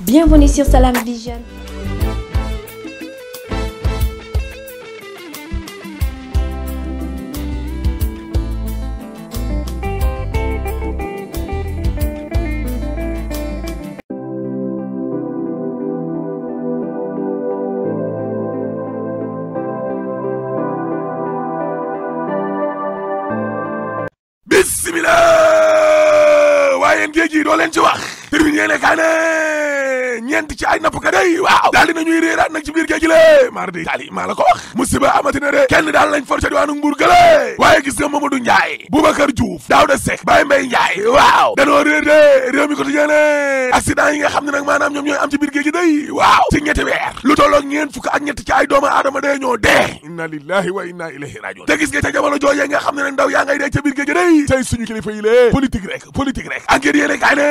Bienvenue sur Salam Vision. Bismillah waaye géej gi doo leen ci wax. ne ñeent ci ay nappkat day waaw daal ñuy réeraat nag ci biir géej gi lé mardi tali maa ko wax musiba amatina de kenn daal lañ forca diwaanu nguur gële waaye gis nga Mamadou Ndiaye Boubacar Diouf Daouda Seck Baye Mbaye Ndiaye waaw danoo réer de réew mi quotidien ne accident nga xam ne maanaam ñoom ñooy am ci biir géej waaw ci ñetti weer lu tolloog ñeen fukk ak ñett ci ay doomu aadama ñoo dee inna lillahi wa inna ilayhi rajiun te gis nga ca jamono joojee nga xam ne ndaw yaa ngay dee ca biir géej day say suñu kilifa yi lee politique rek politique rek enquête yéene kaay ne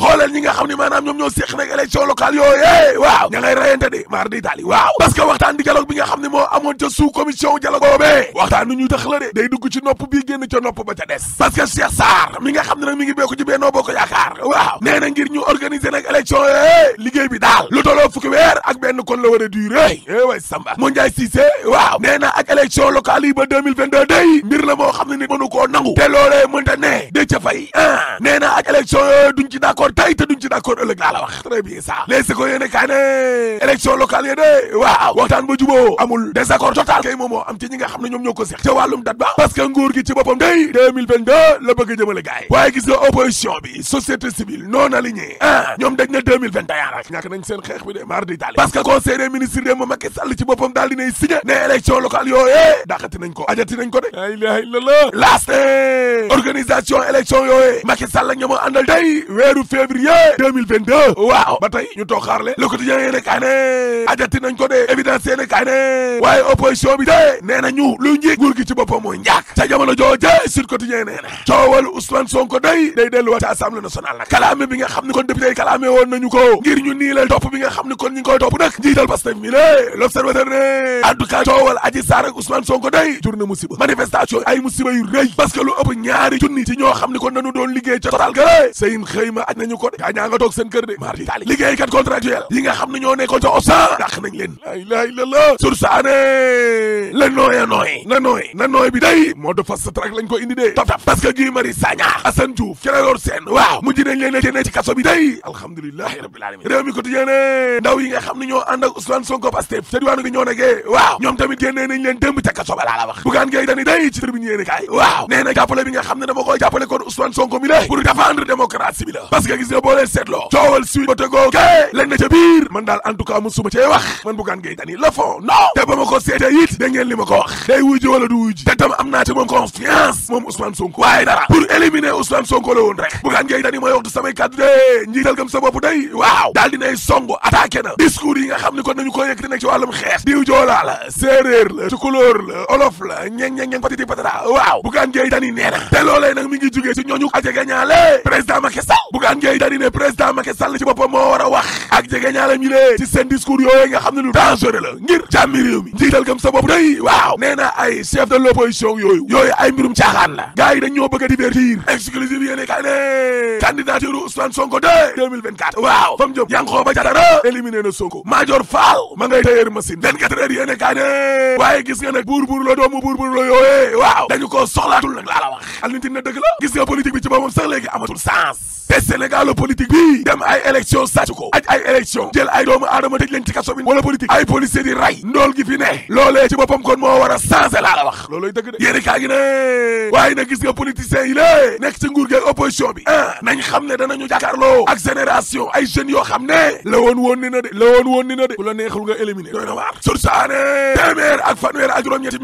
xoolal ñi nga xam ne maanaam ñoom ñoo séq nag élection locale yooye waaw ña ngay rayante de maar di taali waaw parce waxtaan di dialogue bi nga xam ne moo amoon ca sous commission dialogue boobee waxtaan nu ñu tax la de day dugg ci nopp bii génn xam ne nag mi ngi bokk ci Benno Bokk Yaakaar lu tolloo fukki weer ak benn kon la war a duré eh Samba mu Ndiaye waaw nee ak élection locale yi ba 2022 day mbir moo xam ne nit mënu koo nangu te loolee mënta ne de ca fay ah nee ak élection yooyu d'accord tey te duñ d'accord ëllëg la wax très bien ça les seco yéene kaa ne élection locale yi de waaw waxtaan ba juboo amul désaccord total kay moom am ci ñi nga xam ne ñoom ñoo ko seq ca wàllum date ba parce que nguur gi ci seen xeex bi de mar di taali parce que conseil des ministres de ma Macky Sall ci boppam daal dinay signé ne élection locale yooyee dàqati nañ ko ajati nañ ko de la ilaha illallah laast organisation élection yooyee Macky Sall ak ñoo ma àndal tey weeru février 2022 waaw ba ñu toog xaarle le quotidien yéene ne ajati nañ ko de évidence yéene kaay ne waaye opposition bi de nee na lu njiig nguur gi ci boppam mooy njaak ca jamono jooje sur quotidien nee na ne kon député kalaame woon ko ngir ñu topp bi nga xam ni kon ñi ngi koy topp nag njiital Pastef mi lé l'observateur ne en tout cas coowal Adji Sarr ak Ousmane Sonko day jur na musiba manifestation ay musiba yu rëy parce que lu ëpp ñaari junni ci ñoo xam ni kon nañu doon liggéey ca total gëlé sëyin xëy ma aj nañu ko de gaa ñaa nga toog seen kër de mardi taali liggéeykat contractuel yi nga xam ne ñoo nekkoon ca OPSA dàq nañ leen la ilaha illallah sur saane la nooy a nooy na nooy na nooy bi day moo da fast track lañ ko indi dee taf taf parce que Guy Marius Sagna Assane Diouf Clédor Sène waaw mujj nañ leen ne ci kaso bi day alhamdulillahi rabbil alamin réew mi quotidien ndaw yi nga xam ne ñoo ànd ak Sonko Pastef ca diwaanu gi ñoo nekkee waaw ñoom tamit génnee nañ leen démb ca kaso ba wax bugaan ngay dani day ci tribune yéene kaay waaw nee na bi nga xam ne dama koy jàppale kon Sonko mi la pour défendre démocratie bi la gis nga boo leen seetloo coowal suite ba tegoo kay lañ na ca biir man daal en tout cas musuma cee wax man bugaan ngay dani le fond non te ba ma ko seetee de njiital gëm sa nangu attaqué na discours yi nga xam ne kon nañu ko yëkkati nag ci wàllum xeex diw joolaa la séeréer la tukulóor la olof la ñeng ñeng ñeng patiti patata waaw Bougane Gueye Dany nee na te loolee nag mi ngi jugee ci a ak jegeñaale président Macky Sall Bougane Gueye Dany ne président Macky ci boppam moo war a wax ak jegeñaale mi lee ci seen discours yooyu nga xam ne lu dangereux la ngir jàmmi réew mi njiital gëm sa bopp day waaw nee ay chef de l'opposition a dara éliminé na Sonko Madior Fall ma ngay tailleur machine den quatre heures yéene kaa ne waaye gis nga nag buur buur la doomu buur buur la yooyee waaw dañu koo soxlaatul nag laa la wax al nitin na dëgg la gis nga politique bi ci boppam sax léegi amatul sens te Sénégal politique bi dem ay élection sàcc ko ay élection jël ay doomu aadama tëj leen ci kaso bi ndool gi fi ne loolee ci boppam kon moo war a changé laa la wax looloy dëgg de yéeni kaa gi waaye na gis nga politiciens yi lée nekk ci nguur gi opposition bi ah nañ xam ne danañu jàkkaarloo ak génération ay jeunes yoo xam ne la woon woon ni na de la woon woon ni na de ku la neexul nga éliminer doy na waar sur saane téeméer ak fanweer ak juróom-ñetti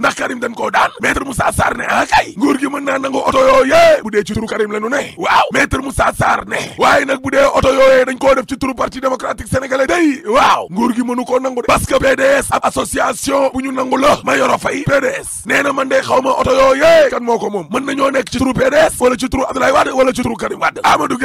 ndax Karim dañ koo daan maître Moussa Sarr ne ah kay nguur gi mën naa nangu oto yooyee bu dee ci turu Karim la ñu ne waaw maître Moussa Sarr ne waaye nag bu dee oto yooyee dañ koo def ci turu parti démocratique sénégalais day waaw nguur gi mënu koo nangu de parce que PDS ab bu ñu nangu la ma yoro fay PDS nee na man de xaw ma oto yooyee kan moo ko moom mën nañoo nekk ci turu PDS wala ci turu Abdoulaye Wade wala ci turu Karim Wade Amadou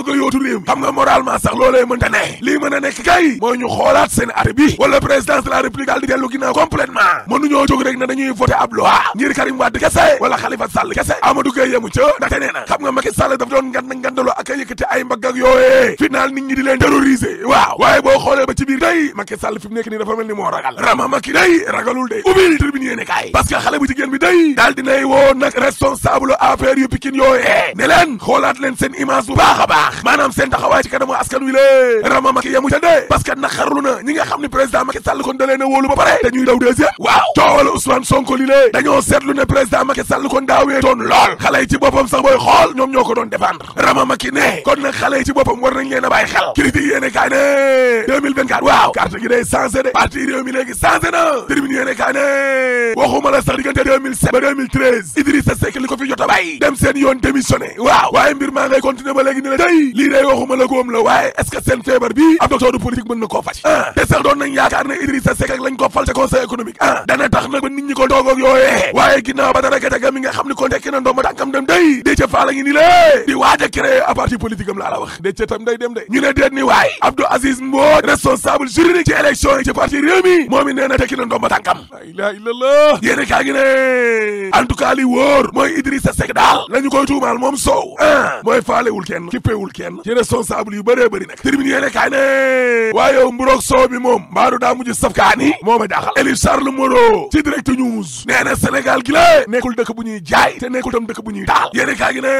a réew mi xam nga moralement sax loolee mënta ne lii mën a nekk kay mooy ñu xoolaat seen at bi wala présidence la république daal di dellu ginnaaw complètement mënuñoo jóg rek ne dañuy voté ab loi Karim Wade kese wala Khalifa Sall kese Amadou Gueye yemu ca ndaxte nee na xam nga Macky Sall dafa doon ngand ngandaloo ak a yëkkati ay mbagg ak yooyee final nit leen terroriser waaw waaye boo xoolee ba ci biir day Macky Sall fi mu nekk nii dafa mel ni moo ragal rama Macky seen taxawaay ci kanamu askan wi lée rama Macky yamu ca dee parce que na ñi nga xam ne président Macky Sall kon da leen a wóolu ba pare dañuy daw deuxième waaw coowal Ousmane Sonko li lée dañoo seetlu ne président Macky Sall kon daawee doon lool xale ci boppam sax booy xool ñoom ñoo ko doon défendre rama Macky ne kon nag xale ci boppam war nañ leen a xel critique yéene kaay ne de parti réew mi a waaw waaye mbir maa ngay continuer ba léegi ni la waxuma la waaye est que seen feebar bi ab docteur du mën na koo faj ah te sax doon nañ yaakaar ne Idrissa Seck ak lañ ko fal ca conseil économique ah dana tax nag ba ñi ko toog ak yooyee waaye ginnaaw ba dara gataga mi nga xam ni ko tekki na ndooma dem day Déthié Fall a ngi ni lée di waaj a parti politique am laa la wax Déthié tam day dem day ñu ne déet ni waaye Abdou Aziz Mbodj responsable juridique ci élection yi ci parti réew moom it nee na tekki responsable yu bëree bëri nag tribune yéene kaay ne waaye yow mburoog soow moom mbaaru daa mujj safkaani moo ma jaaxal Eli Charles Moreau ci direct news nee na gi la nekkul dëkk bu ñuy jaay te nekkul tam dëkk bu ñuy taal yéene kaay gi ne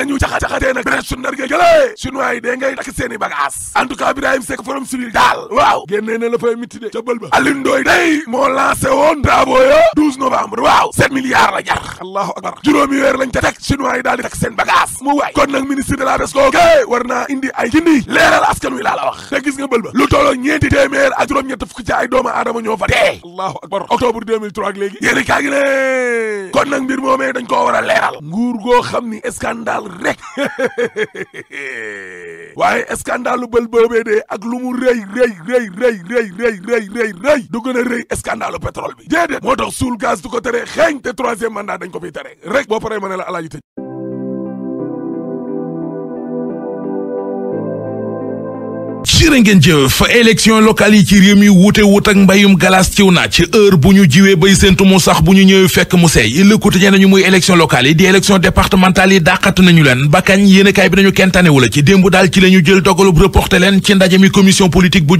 nañu caxa-caxatee nag brèche su ndarge jëlee chinois yi dee ngay takk seeni bagage en tout daal waaw génnee na la fay mitti de ca bël ba Alioune Ndoye day moo lancé woon drapeau ya 12 novembre waaw 7 milliards la jar allahu akbar juróomi weer lañ ca teg chinois yi war naa indi ay gindi leeral askan wi laa la wax te gis nga bël ba lu toolo ñeenti téeméer ak juróom-ñett fukk ci ay doomu aadama ñoo fa dee allahu akbar octobre 2003 ak léegi yéeni kaa ngi ne kon nag mbir moomee dañ koo war a leeral nguur goo xam ni scandale rek waaye scandale lu bël boobee dee ak lu mu rëy rëy rëy rëy rëy rëy rëy rëy rëy du gën a rëy scandale pétrole bi déedéet moo tax suul gaz du ko tere xeeñ te troisième mandat dañ ko fiy tere rek boo paree ma ne la alaaji tëj jërë ngeen jëf élection locale yi ci réew mi wuute wut ak mbayum galaas ciw naa ci heure bu ñu jiwee bay séentu mu sax bu ñu ñëwee fekk mu seey Le Quotidien nañu muy élection locale yi di leen ba kañ yéenekaay bi nañu ci démb daal ci la ñu jël dogalub reporté leen ci ndaje mi commission politique la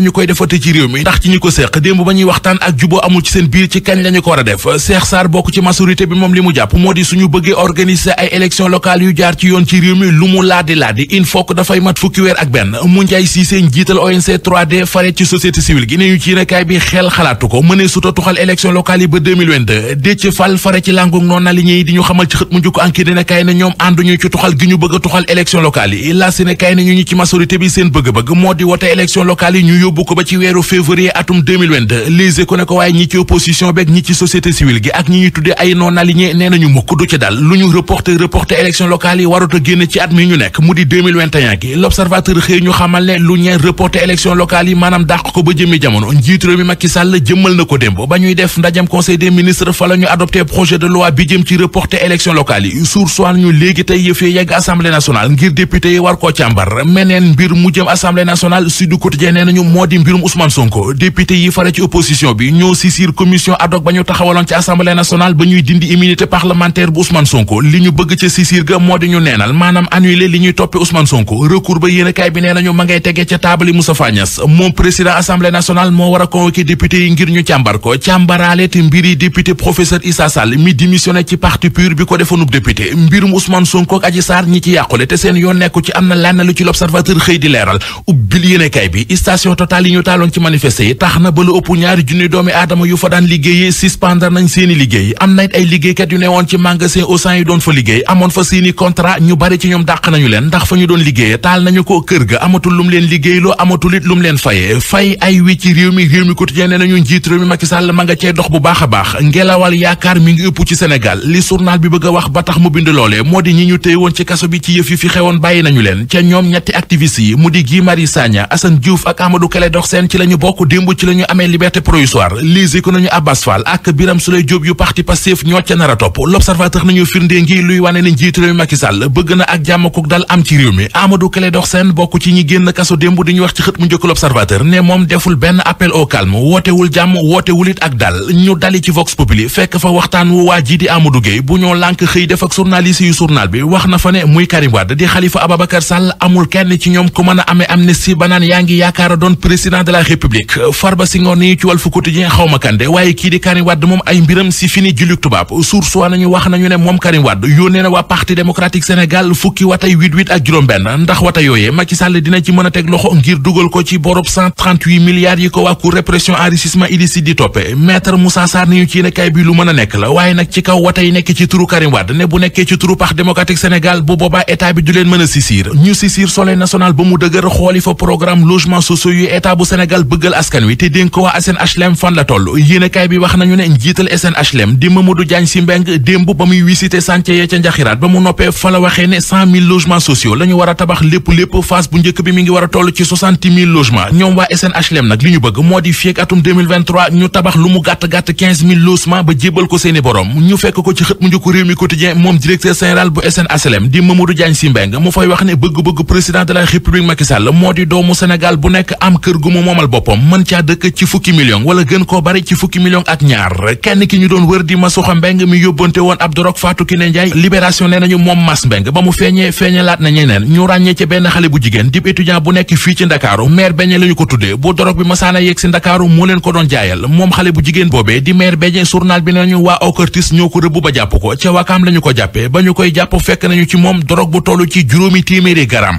ñu koy defate ci réew mi ndax ci ñi ko séq démb ba ñuy waxtaan ak juboo amul ci seen biir ci kañ la ko war a def Cheikh Sarr bokk ci majorité bi moom li mu jàpp moo di suñu bëggee organiser ay élection locale yu jaar ñetti yoon ci réew mi lu mu laadi laadi il faut que dafay mat fukki weer ak benn mu njaay siisee njiital ONC 3D fare ci société civile gi ne ñu ci yéenekaay bi xel xalaatu ko mënee suta tuxal élection locale yi ba 2022 Déthié Fall fare ci làngu noon na li ñuy di ñu xamal ci xët mu njëkk enquête dina kay ne ñoom ànduñu ci tuxal gi ñu bëgg a tuxal élection locale yi la ne ñu ñu ci majorité bi seen bëgg-bëgg moo di wote élection locale yi ñu yóbbu ko ba ci weeru février atum 2022 Les Échos ne ko waaye ñi ci opposition beeg ñi ci société civile gi ak ñi ñuy tuddee non nee nañu mukk du ci dal lu ñu reporter reporter yi warut a génn ci at mi ñu nekk mu di 2021 gi l'observateur xëy ñu xamal ne lu ñeen reporté élection locale yi maanaam dàq ko ba jëmi jamono njiitu réew mi Macky Sall jëmmal na ko démb ba ñuy def ndajam conseil des fa la ñu projet de loi bi jëm ci reporté élection locale yi suur soil ñu léegi tey yëfee yegg assemblée nationale ngir député yi war koo càmbar meneen mbir mu jëm assemblée nationale Sud Quotidien nee nañu moo di mbirum Ousmane Sonko neenal maanaam annulé li ñuy toppe Ousmane Sonko recours ba yéen bi nee nañu ma ngay tegee ca taabali Moustapha Niasse moom président assemblée nationale moo war a convoqué yi ngir ñu càmbar ko càmbaraale te mbiri député professeur Issa mi démissionné ci parti pur bi ko defoonub député mbirum Ousmane Sonko ak Adji Sarr ñi ci yàqule te seen yoon nekku ci am na lenn lu ci l'observateur xëy di leeral ubbil yéen bi station Total yi ñu taaloon ah ñu bari ci ñoom dàq nañu leen ndax fa ñu doon liggéeye taal nañu ko kër ga amatul lum leen liggéeyloo amatul it lum leen faye fay ay wi ci réew mi réew mi quotidien nee nañu njiit réew mi Macky Sall ma nga cee dox bu baax a baax ngelawal yaakaar mi ngi ëpp ci Sénégal li journal bi bëgg a wax ba tax mu bind loole moo di ñi ñu téye woon ci kaso bi ci yëf yi fi xewoon bàyyi nañu leen ca ñoom ñetti activistes mu di Guy Marius Sagna Assane Diouf ak Amadou Clédor Sène ñu bokk démb ci la ñu amee liberté provisoire lise ko nañu Abbas Fall ak Sall bëgg na ak jàmm kook dal am ci réew mi Amadou Clédor Sène bokk ci ñi génn kaso démb di ñu wax ci xët mu njëkkal observateur ne moom deful benn appel au wootewul jàmm wootewul it ak dal ñu dali ci Vox Populi fekk fa waxtaan wu waa ji di Amadou Gueye bu ñoo lànk xëy def ak journaliste yu journal bi wax na fa ne muy Karim di Khalifa Ababacar Sall amul kenn ci ñoom ku mën a amee amnistie ba naan yaa ngi yaakaar a doon président de la république Farba politique Sénégal fukki watay huit huit ak juróom-benn ndax wata yooyee Macky Sall dina ci mën a teg loxo ngir dugal ko ci borob 138 milliards yi ko waa Cour répression enrichissement illicite di toppe maître Moussa Sarr ni ñu ci yéenekaay bi lu mën nekk la waaye nag ci kaw watay nekk ci turu Karim Wade ne bu nekkee ci turu Parti démocratique Sénégal bu boobaa état bi du leen mën a sisir ñu sisir Soleil national ba mu dëgër xooli fa programme logement sociaux yu état bu Sénégal bëggal askan wi te dénk ko waa SNHLM fan la toll yéenekaay bi wax nañu ne njiital SNHLM di Mamadou Diagne Sy Mbengue démb ba muy visité chantier ya ca Njaxiraat la waxee ne cent mille logements sociaux la war a tabax lépp lépp phase bu njëkk bi mi ngi war a toll ci soixante mille logements ñoom waa SNHLM nag li ñu bëgg moo di fii ak atum 2023 ñu tabax lu mu gàtt-gàtt quinze logements ba jébbal ko seeni borom ñu fekk ko ci xët mu njëkk réew mi quotidien moom directeur général bu SNHLM di Mamadou Diagne Sy Mbengue mu fay wax ne bëgg-bëgg président de la république Macky Sall moo di doomu Sénégal bu nekk am kër gu mu moomal boppam mën caa dëkk ci fukki million wala gën koo bari ci fukki million ak ñaar kenn ki ñu doon wër di Massoukha Mbengue mi yóbbante woon Abdorok Fatou Kiné Ndiaye libération nee nañu Max Mbeng ba mu feeñee feeñalaat na ñeneen ñu ràññee ci benn xale bu jigéen dib étudiant bu nekk fii ci ndakaaru maire beñe la ñu ko tuddee bu dorog bi masaana yegg si ndakaaru moo leen ko doon jaayal moom xale bu jigéen boobee di maire beñe journal bi nañu waa Ocartis ñoo ko rëbb ba jàpp ko ca wakaam la ko jàppee ba ñu koy jàpp fekk nañu ci moom dorog bu tollu ci juróomi téeméeri garam